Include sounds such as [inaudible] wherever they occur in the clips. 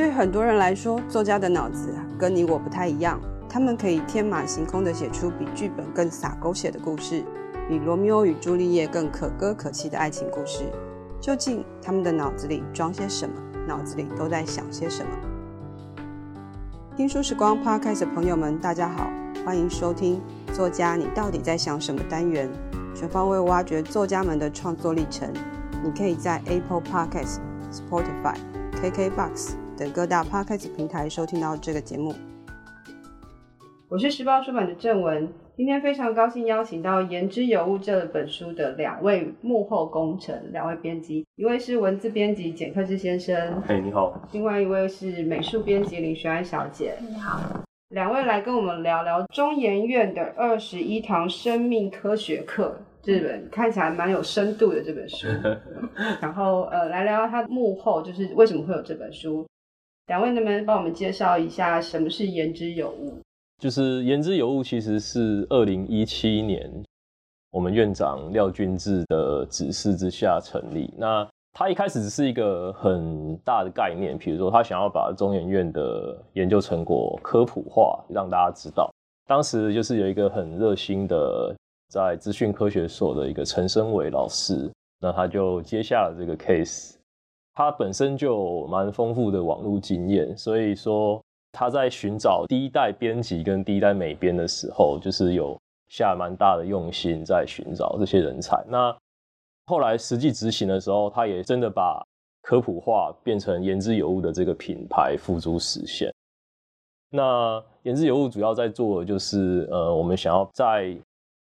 對很多人來說，作家的腦子跟你我不太一樣。他們可以天馬行空地寫出比劇本更灑狗血的故事，比《羅密歐與朱麗葉》更可歌可泣的愛情故事。究竟他們的腦子裡裝些什麼？腦子裡都在想些什麼？聽書時光 Podcast 的朋友們，大家好，歡迎收聽《作家你到底在想什麼》單元，全方位挖掘作家們的創作歷程。你可以在 Apple Podcast、Spotify、KKBox 等各大 Podcast 平台收聽到這個節目，我是時報出版的正文。今天非常高興邀請到《研之有物》這本書的兩位幕後功臣。兩位編輯，一位是文字編輯簡克志先生，嘿、hey,，你好；，另外一位是美術編輯林洵安小姐，你好。兩位來跟我們聊聊中研院的二十一堂生命科學課，這本看起來蠻有深度的這本書， [laughs] 然後呃，來聊聊它幕後，就是為什麼會有這本書。兩位能不能幫我們介紹一下什麼是研之有物？就是研之有物，其實是二零一七年我們院長廖俊智的指示之下成立。那他一開始只是一個很大的概念，譬如說他想要把中研院的研究成果科普化，讓大家知道。當時就是有一個很熱心的在資訊科學所的一個陳升偉老師，那他就接下了這個 case。他本身就有蠻豐富的網絡經驗，所以說他在尋找第一代編輯跟第一代美編的時候，就是有下蠻大的用心在尋找這些人才。那後來實際執行的時候，他也真的把科普化變成研之有物的這個品牌付諸實現。那研之有物主要在做的就是呃，我們想要在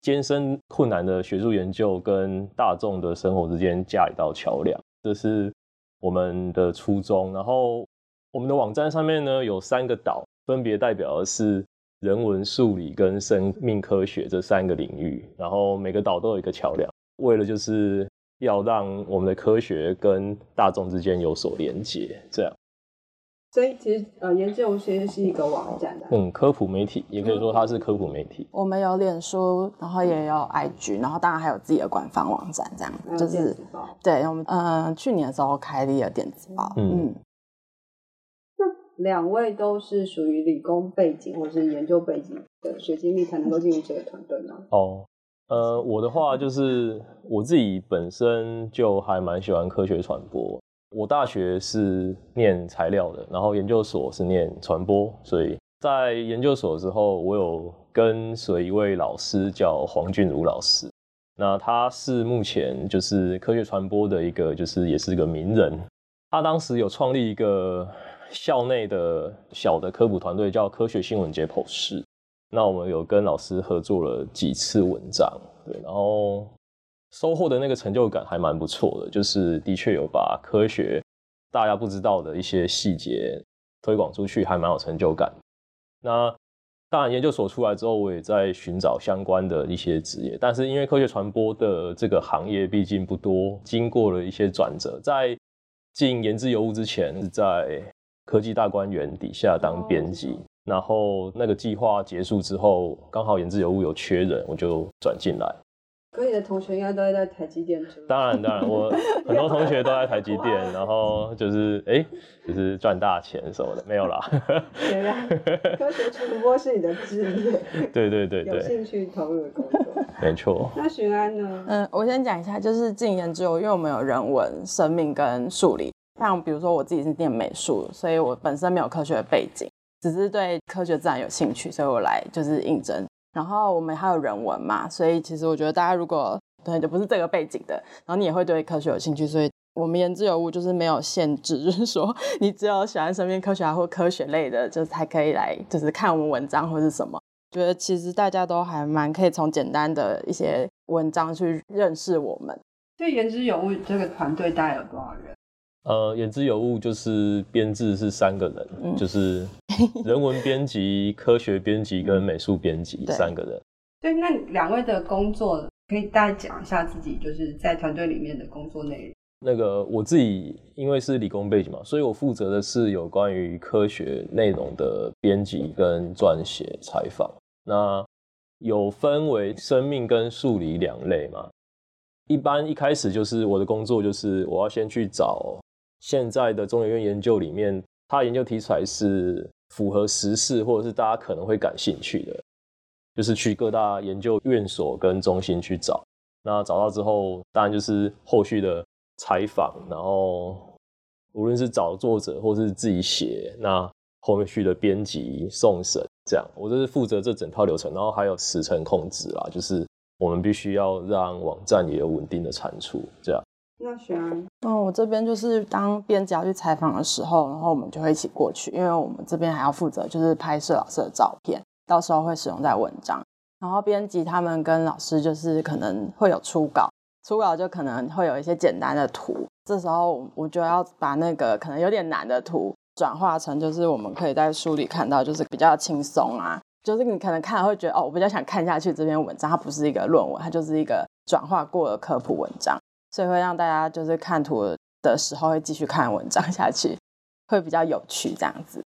艱深困難的學術研究跟大眾的生活之間架一道橋樑，這、就是。我們的初衷，然後我們的網站上面呢，有三個島，分別代表的是人文、數理跟生命科學這三個領域，然後每個島都有一個橋樑，為了就是要讓我們的科學跟大眾之間有所連接，這樣。所以其實，呃，研之有物是一個網站，啊，嗯，科普媒體，也可以說它是科普媒體。嗯、我們有臉書，然後也有 IG，然後當然還有自己的官方網站，這樣。還有電子報就是，對，我們呃去年的時候開立了一電子報，嗯，嗯，那兩位都是屬於理工背景或是研究背景的學經歷，才能夠進入這個團隊嗎？哦，呃，我的話就是我自己本身就還蠻喜歡科學傳播。我大學是念材料的，然後研究所是念傳播，所以在研究所的時候，我有跟隨一位老師叫黃俊儒老師，那他是目前就是科學傳播的一個，就是也是個名人，他當時有創立一個校內的小的科普團隊叫科學新聞解剖室，那我們有跟老師合作了幾次文章，對，然後。收穫的那個成就感還蠻不錯的，就是的確有把科學大家不知道的一些細節推廣出去，還蠻有成就感。那當然，研究所出來之後，我也在尋找相關的一些職業，但是因為科學傳播的這個行業畢竟不多，經過了一些轉折，在進研之有物之前是在科技大觀園底下當編輯、哦，然後那個計劃結束之後，剛好研之有物有缺人，我就轉進來。你的同學應該都在台積電做。當然當然，我很多同學都在台積電、 [laughs] 啊，然後就是哎，就、欸、是賺大錢什麼的，沒有啦。對 [laughs] 啊，科學傳播是你的職業。對對對、對。有興趣投入的工作。沒錯。 [laughs] 那洵安呢？嗯，我先講一下，就是進研之後，因為我們有人文、生命跟數理。像比如說我自己是念美術，所以我本身沒有科學的背景，只是對科學自然有興趣，所以我來就是應徵。然後我們還有人文嘛，所以其實我覺得大家如果對就不是這個背景的，然後你也會對科學有興趣，所以我們研之有物就是沒有限制，就是說你只有喜歡身邊科學、啊、或科學類的，就是才可以來，就是看我們文章或是什麼。覺得其實大家都還蠻可以從簡單的一些文章去認識我們。對，研之有物這個團隊大概有多少人？呃，研之有物就是編制是三個人，嗯、就是。 [laughs] 人文編輯、科學編輯跟美術編輯三個人。對，對，那兩位的工作可以大概講一下自己就是在團隊裡面的工作內容。那個我自己因為是理工背景嘛，所以我負責的是有關於科學內容的編輯跟撰寫採訪。那有分為生命跟數理兩類嘛？一般一開始就是我的工作，就是我要先去找現在的中研院研究裡面，他研究題材是符合時事或者是大家可能會感興趣的，就是去各大研究院所跟中心去找。那找到之後，當然就是後續的採訪，然後無論是找作者或是自己寫，那後面續的編輯、送審，這樣我就是負責這整套流程，然後還有時程控制啦，就是我們必須要讓網站也有穩定的產出，這樣。那洵安，嗯，我這邊就是當編輯要去採訪的時候，然後我們就會一起過去，因為我們這邊還要負責就是拍攝老師的照片，到時候會使用在文章。然後編輯他們跟老師就是可能會有初稿，初稿就可能會有一些簡單的圖，這時候我就要把那個可能有點難的圖轉化成就是我們可以在書裡看到，就是比較輕鬆啊，就是你可能看了會覺得哦，我比較想看下去這篇文章，它不是一個論文，它就是一個轉化過的科普文章。所以會讓大家就是看圖的時候會繼續看文章下去，會比較有趣這樣子。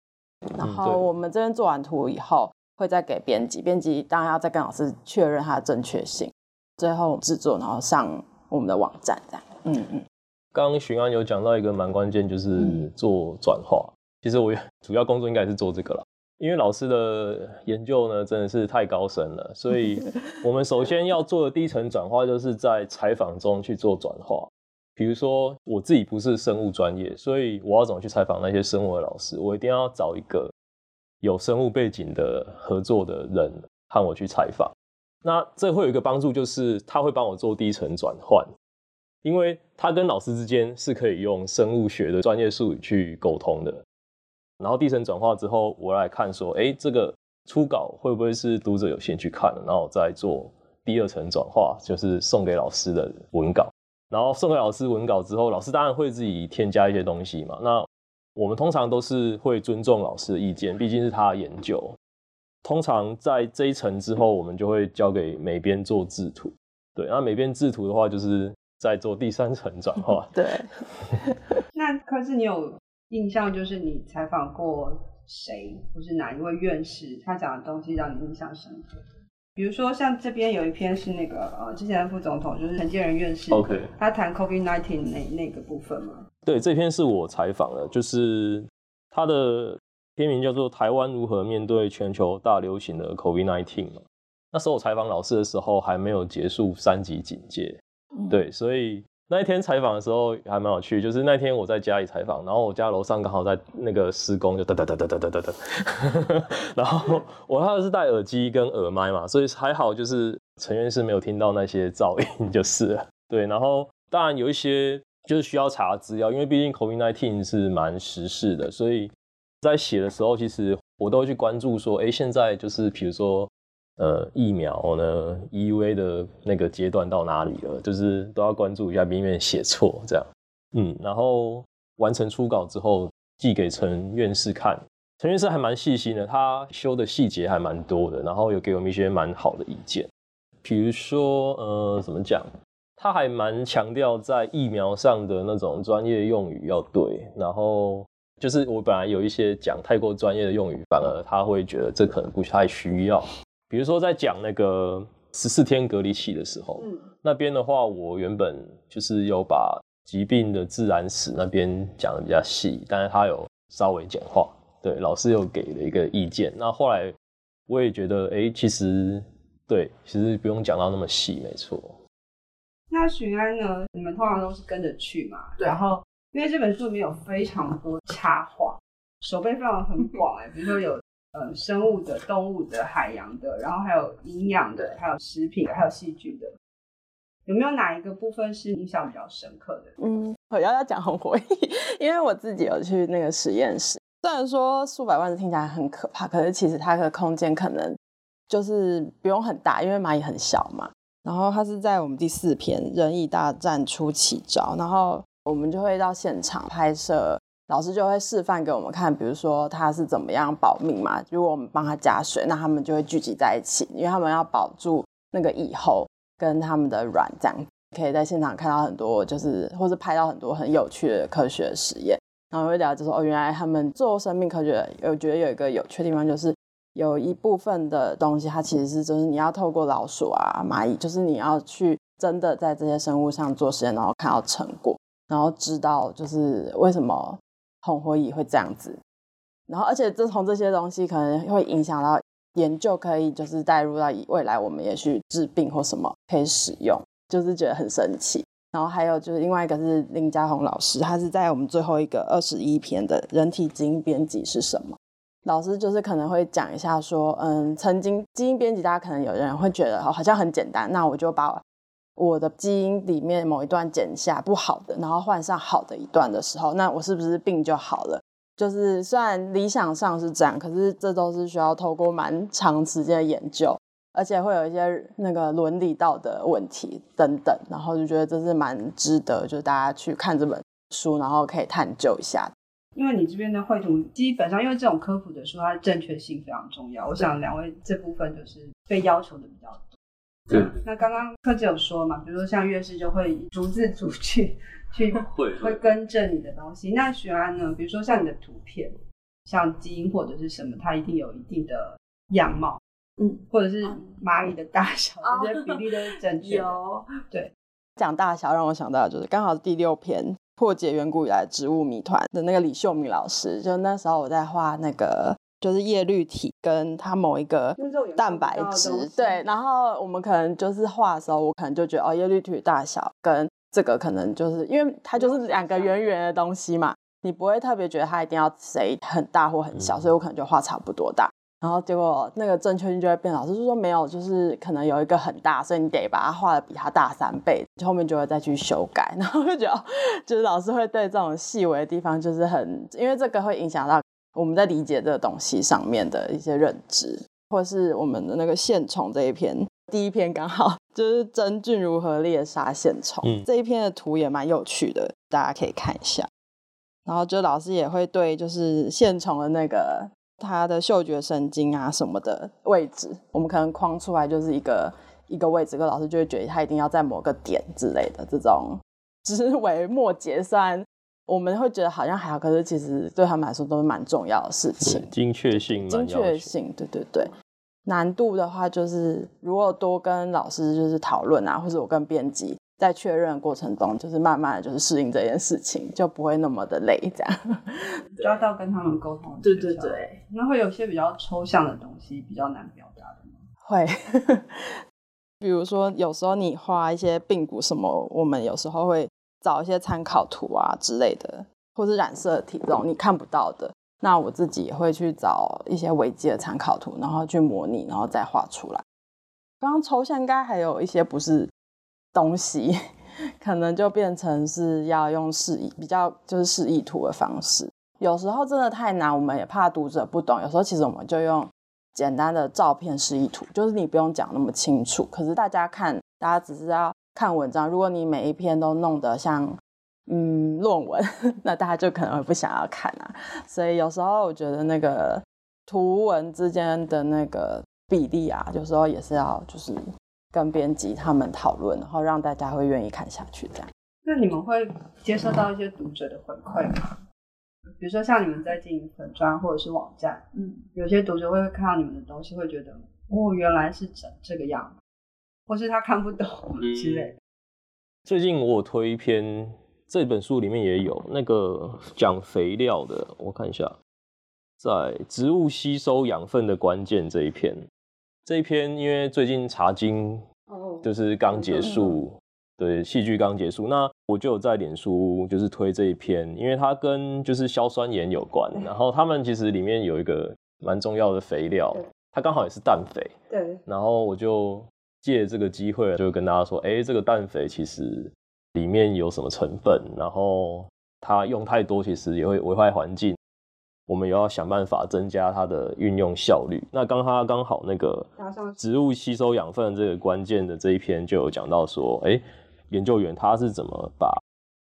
然後我們這邊做完圖以後，嗯、會再給編輯，編輯當然要再跟老師確認它的正確性，最後製作，然後上我們的網站這樣。嗯嗯。剛剛洵安有講到一個蠻關鍵，就是做轉化，嗯。其實我主要工作應該是做這個了。因為老師的研究呢，真的是太高深了，所以我們首先要做的第一層轉化，就是在採訪中去做轉化。比如說，我自己不是生物專業，所以我要怎麼去採訪那些生物的老師？我一定要找一個有生物背景的合作的人和我去採訪。那這會有一個幫助，就是他會幫我做第一層轉換，因為他跟老師之間是可以用生物學的專業術語去溝通的。然後第一層轉化之後，我來看說，哎，這個初稿會不會是讀者有興趣看的？然後我再做第二層轉化，就是送給老師的文稿。然後送給老師文稿之後，老師當然會自己添加一些東西嘛。那我們通常都是會尊重老師的意見，畢竟是他的研究。通常在這一層之後，我們就會交給美編做製圖。對，那美編製圖的話，就是在做第三層轉化。對。 [laughs] 那可是你有？印象就是你採訪過誰，或是哪一位院士，他講的東西讓你印象深刻。比如說，像這邊有一篇是那個呃，之前的副總統就是陳建仁院士，Okay. 他談 COVID-19 那那個部分嘛。對，這篇是我採訪的，就是他的篇名叫做《台灣如何面對全球大流行的 COVID-19》嘛。那時候我採訪老師的時候，還沒有結束三級警戒，嗯、對，所以。那一天採訪的時候還蠻有趣，就是那天我在家裡採訪，然後我家樓上剛好在那個施工，就叩叩叩叩叩叩叩叩，就噠噠噠噠噠噠噠噠，然後我他是戴耳機跟耳麥嘛，所以還好，就是陳院士沒有聽到那些噪音就是了。對，然後當然有一些就是需要查資料，因為畢竟 COVID-19 是蠻時事的，所以在寫的時候其實我都會去關注說，哎、欸，現在就是比如說。呃，疫苗呢 e v 的那個階段到哪裡了？就是都要關注一下，避免寫錯這樣。嗯，然後完成初稿之後寄給陳院士看，陳院士還蠻細心的，他修的細節還蠻多的，然後有給我們一些蠻好的意見。比如說，呃，怎麼講？他還蠻強調在疫苗上的那種專業用語要對，然後就是我本來有一些講太過專業的用語，反而他會覺得這可能不太需要。比如說在講那個十四天隔離期的時候，嗯、那邊的話，我原本就是有把疾病的自然史那邊講的比較細，但是他有稍微簡化，對，老師又給了一個意見。那後來我也覺得，哎、欸，其實對，其實不用講到那麼細，沒錯。那洵安呢？你們通常都是跟着去嘛？對。然後，因為這本書裡面有非常多插畫，手背非常很廣哎、欸， [laughs] 比如說有。嗯、生物的、動物的、海洋的，然後還有營養的，還有食品，還有戲劇的，有沒有哪一個部分是印象比較深刻的？嗯，我要要講紅火蟻，因為我自己有去那個實驗室。雖然說數百萬聽起來很可怕，可是其實它的空間可能就是不用很大，因為螞蟻很小嘛。然後它是在我們第四篇《人蟻大戰》出奇招，然後我們就會到現場拍攝。老師就會示範給我們看，比如說他是怎麼樣保命嘛。如果我們幫他加水，那他們就會聚集在一起，因為他們要保住那個蟻後跟他們的卵這樣。可以在現場看到很多，就是或是拍到很多很有趣的科學實驗。然後會聊就是說哦，原來他們做生命科學，我覺得有一個有趣的地方就是有一部分的東西，它其實是就是你要透過老鼠啊、螞蟻，就是你要去真的在這些生物上做實驗，然後看到成果，然後知道就是為什麼。紅火蟻會這樣子，然後而且這從這些東西可能會影響到研究，可以就是帶入到未來，我們也去治病或什麼可以使用，就是覺得很神奇。然後還有就是另外一個是林嘉宏老師，他是在我們最後一個二十一篇的人體基因編輯是什麼？老師就是可能會講一下說，嗯，曾經基因編輯，大家可能有人會覺得好像很簡單，那我就把我……」我的基因裡面某一段剪下不好的，然後換上好的一段的時候，那我是不是病就好了？就是雖然理想上是這樣，可是這都是需要透過蠻長時間的研究，而且會有一些那個倫理道德問題等等。然後就覺得這是蠻值得，就是大家去看這本書，然後可以探究一下。因為你這邊的繪圖基本上，因為這種科普的書，它的正確性非常重要。我想兩位這部分就是被要求的比較。對對對啊、那剛剛克志有說嘛，比如說像月事就會逐字逐句去對，對會會更正你的東西。那洵安呢？比如說像你的圖片，像基因或者是什麼，它一定有一定的樣貌，嗯，或者是螞蟻的大小這些、嗯，就是、比例都是整體哦。 [laughs] 對，講大小，讓我想到就是剛好第六篇破解遠古以來植物謎團的那個李秀敏老師，就那時候我在畫那個。就是葉綠體跟它某一個蛋白質，對。然後我們可能就是畫的時候，我可能就覺得哦，葉綠體大小跟這個可能就是因為它就是兩個圓圓的東西嘛，你不會特別覺得它一定要誰很大或很小，所以我可能就畫差不多大，嗯。然後結果那個正確性就會變，老師就說沒有，就是可能有一個很大，所以你得把它畫的比它大三倍，就後面就會再去修改。然後就覺得就是老師會對這種細微的地方就是很，因為這個會影響到。我們在理解這個東西上面的一些認知，或是我們的那個線蟲這一篇，第一篇剛好就是真菌如何獵殺線蟲、嗯，這一篇的圖也蠻有趣的，大家可以看一下。然後就老師也會對就是線蟲的那個它的嗅覺神經啊什麼的位置，我們可能框出來就是一個一個位置，那老師就會覺得它一定要在某個點之類的這種枝微末節酸。我們會覺得好像還好，可是其實對他們來說都是蠻重要的事情。精確性，精確性，對對對。難度的話，就是如果多跟老師就是討論啊，或者我跟編輯在確認的過程中，就是慢慢的就是適應這件事情，就不會那麼的累。這樣抓到跟他們溝通。對對對。那會有些比較抽象的東西，比較難表達的嗎？會。 [laughs] 比如說，有時候你畫一些病骨什麼，我們有時候會。找一些參考圖啊之類的，或是染色體這種你看不到的，那我自己也會去找一些維基的參考圖，然後去模擬，然後再畫出來。剛剛抽象應該還有一些不是東西，可能就變成是要用示意比較，就是示意圖的方式。有時候真的太難，我們也怕讀者不懂。有時候其實我們就用簡單的照片示意圖，就是你不用講那麼清楚，可是大家看，大家只知道。看文章，如果你每一篇都弄得像嗯論文，那大家就可能會不想要看啊。所以有時候我覺得那個圖文之間的那個比例啊，有時候也是要就是跟編輯他們討論，然後讓大家會願意看下去。這樣。那你們會接受到一些讀者的回饋嗎？比如說像你們在經營粉專或者是網站，嗯，有些讀者會看到你們的東西，會覺得哦，原來是長這個樣子。或是他看不懂之類的。最近我有推一篇，這本書裡面也有那個講肥料的，我看一下，在植物吸收養分的關鍵這一篇。這一篇因為最近茶經就是剛結束，哦、對，戲劇剛結束，那我就在臉書就是推這一篇，因為它跟就是硝酸鹽有關，欸、然後它們其實裡面有一個蠻重要的肥料，它剛好也是氮肥，對，然後我就。借這個機會，就跟大家說，哎，這個氮肥其實裡面有什麼成分，然後它用太多，其實也會危害環境。我們也要想辦法增加它的運用效率。那剛剛剛好那個植物吸收養分這個關鍵的這一篇就有講到說，哎，研究員他是怎麼把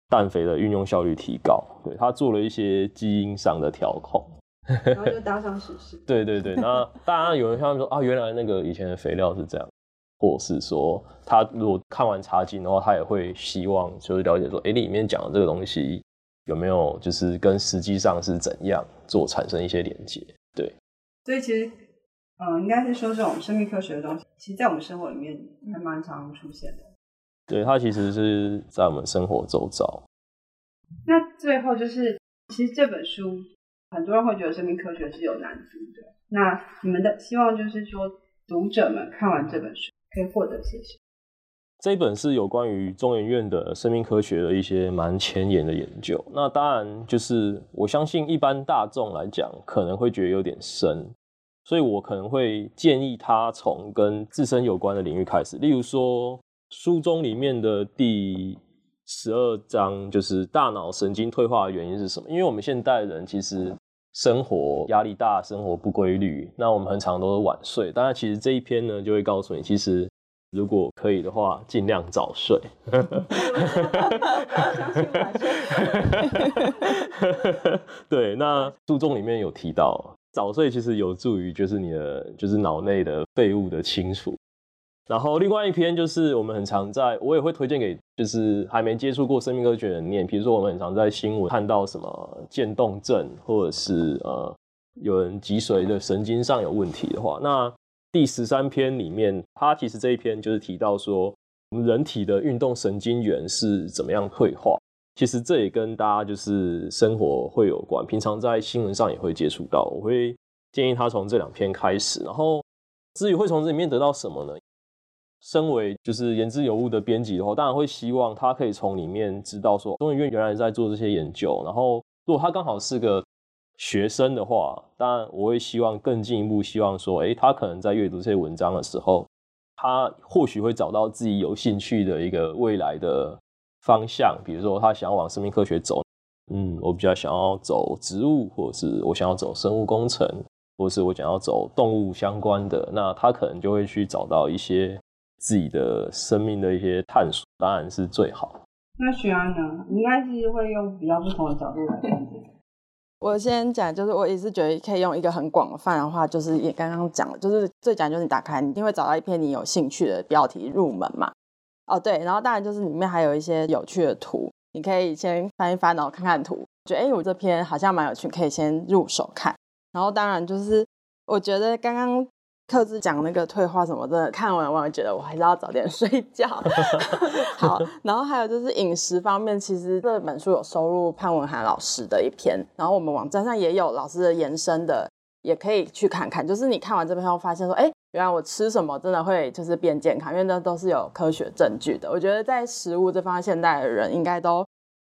氮肥的運用效率提高，對，他做了一些基因上的調控，然後就搭上試試。對對對，那大家有人像他們說啊，原來那個以前的肥料是這樣的。或是說，他如果看完插進的話，他也會希望就是了解說，哎，欸，你裡面講的這個東西有沒有就是跟實際上是怎樣做產生一些連接？對。所以其實，呃，應該是說這種生命科學的東西，其實，在我們生活裡面還蠻常常出現的。對，它其實是在我們生活周遭。那最後就是，其實這本書很多人會覺得生命科學是有難度的。那你們的希望就是說，讀者們看完這本書。獲得知識。這一本是有關於中研院的生命科學的一些蠻前沿的研究。那當然就是我相信一般大眾來講，可能會覺得有點深，所以我可能會建議他從跟自身有關的領域開始，例如說書中裡面的第十二章就是大腦神經退化的原因是什麼？因為我們現代人其實生活壓力大，生活不規律，那我們很常都是晚睡。當然，其實這一篇呢就會告訴你，其實如果可以的話，儘量早睡。 [laughs] [laughs] [laughs] 啊、 [laughs] [laughs] 對，那書中裡面有提到，早睡其實有助於就是你的就是腦內的廢物的清除。然後另外一篇就是我們很常在，我也會推薦給就是還沒接觸過生命科學的人念。比如說我們很常在新聞看到什麼漸凍症，或者是呃有人脊髓的神經上有問題的話，那第十三篇裡面，它其實這一篇就是提到說，我們人體的運動神經元是怎麼樣退化。其實這也跟大家就是生活會有關，平常在新聞上也會接觸到。我會建議他從這兩篇開始。然後至於會從這裡面得到什麼呢？身為就是研之有物的編輯的話，當然會希望他可以從裡面知道說中研院原來在做這些研究。然後，如果他剛好是個學生的話，當然我會希望更進一步，希望說，誒、欸，他可能在閱讀這些文章的時候，他或許會找到自己有興趣的一個未來的方向。比如說，他想要往生命科學走，嗯，我比較想要走植物，或者是我想要走生物工程，或者是我想要走動物相關的。那他可能就會去找到一些。自己的生命的一些探索，當然是最好。那洵安呢？你應該是會用比較不同的角度來看、這個、 [laughs] 我先講，就是我也是覺得可以用一個很廣泛的話，就是也剛剛講了，就是最講究就是你打開，你一定會找到一篇你有興趣的標題入門嘛。哦對，然後當然就是裡面還有一些有趣的圖，你可以先翻一翻，然後看看圖，覺得哎，我這篇好像蠻有趣，可以先入手看。然後當然就是我覺得剛剛。克志講那個退化什麼的，的看完我還覺得我還是要早點睡覺。 [laughs] 好，然後還有就是飲食方面，其實這本書有收入潘文涵老師的一篇，然後我們網站上也有老師的延伸的，也可以去看看。就是你看完這篇後，發現說，哎，原來我吃什麼真的會就是變健康，因為那都是有科學證據的。我覺得在食物這方面，現代的人應該都。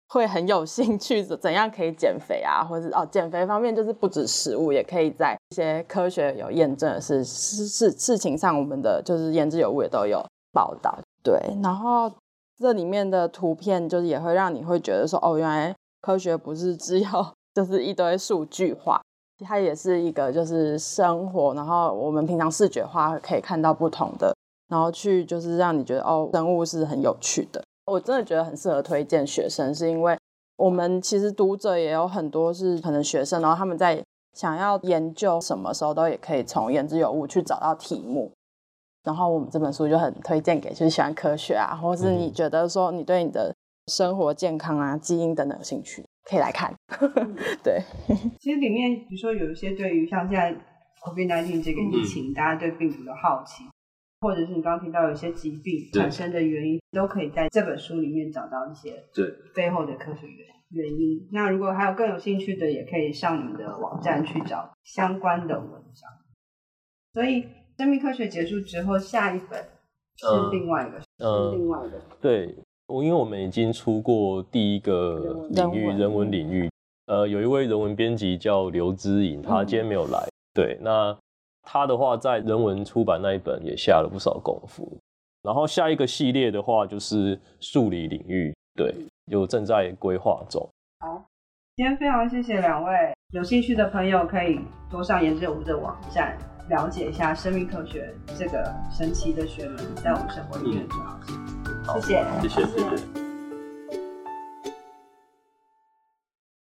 會很有興趣，怎樣可以減肥啊？或者哦，減肥方面就是不止食物，也可以在一些科學有驗證的事事事情上，我們的就是研之有物也都有報道。對，然後這裡面的圖片就是也會讓你會覺得說哦，原來科學不是只有就是一堆數據化，它也是一個就是生活。然後我們平常視覺化可以看到不同的，然後去就是讓你覺得哦，生物是很有趣的。我真的覺得很適合推薦學生，是因為我們其實讀者也有很多是可能學生，然後他們在想要研究什麼時候都也可以從研之有物去找到題目，然後我們這本書就很推薦給就是喜歡科學啊，或是你覺得說你對你的生活健康啊、基因等等有興趣，可以來看。 [laughs] 對，其實裡面比如說有一些對於像現在 COVID-19 這個疫情，嗯、大家對病毒的好奇。或者是你剛剛聽到有一些疾病產生的原因，都可以在這本書裡面找到一些對背後的科學原原因。那如果還有更有興趣的，也可以上你們的網站去找相關的文章。所以生命科學結束之後，下一本是另外一個、嗯，是另外的、嗯。對，我因為我們已經出過第一個領域人文，人文領域、呃，有一位人文編輯叫劉之影、嗯，他今天沒有來。對，那。他的話在人文出版那一本也下了不少功夫，然後下一個系列的話就是數理領域，對，就正在規劃中。好，今天非常謝謝兩位，有興趣的朋友可以多上研之有物的網站了解一下生命科學這個神奇的學門在我們生活裡面的重要性。好，謝謝，謝謝。謝謝。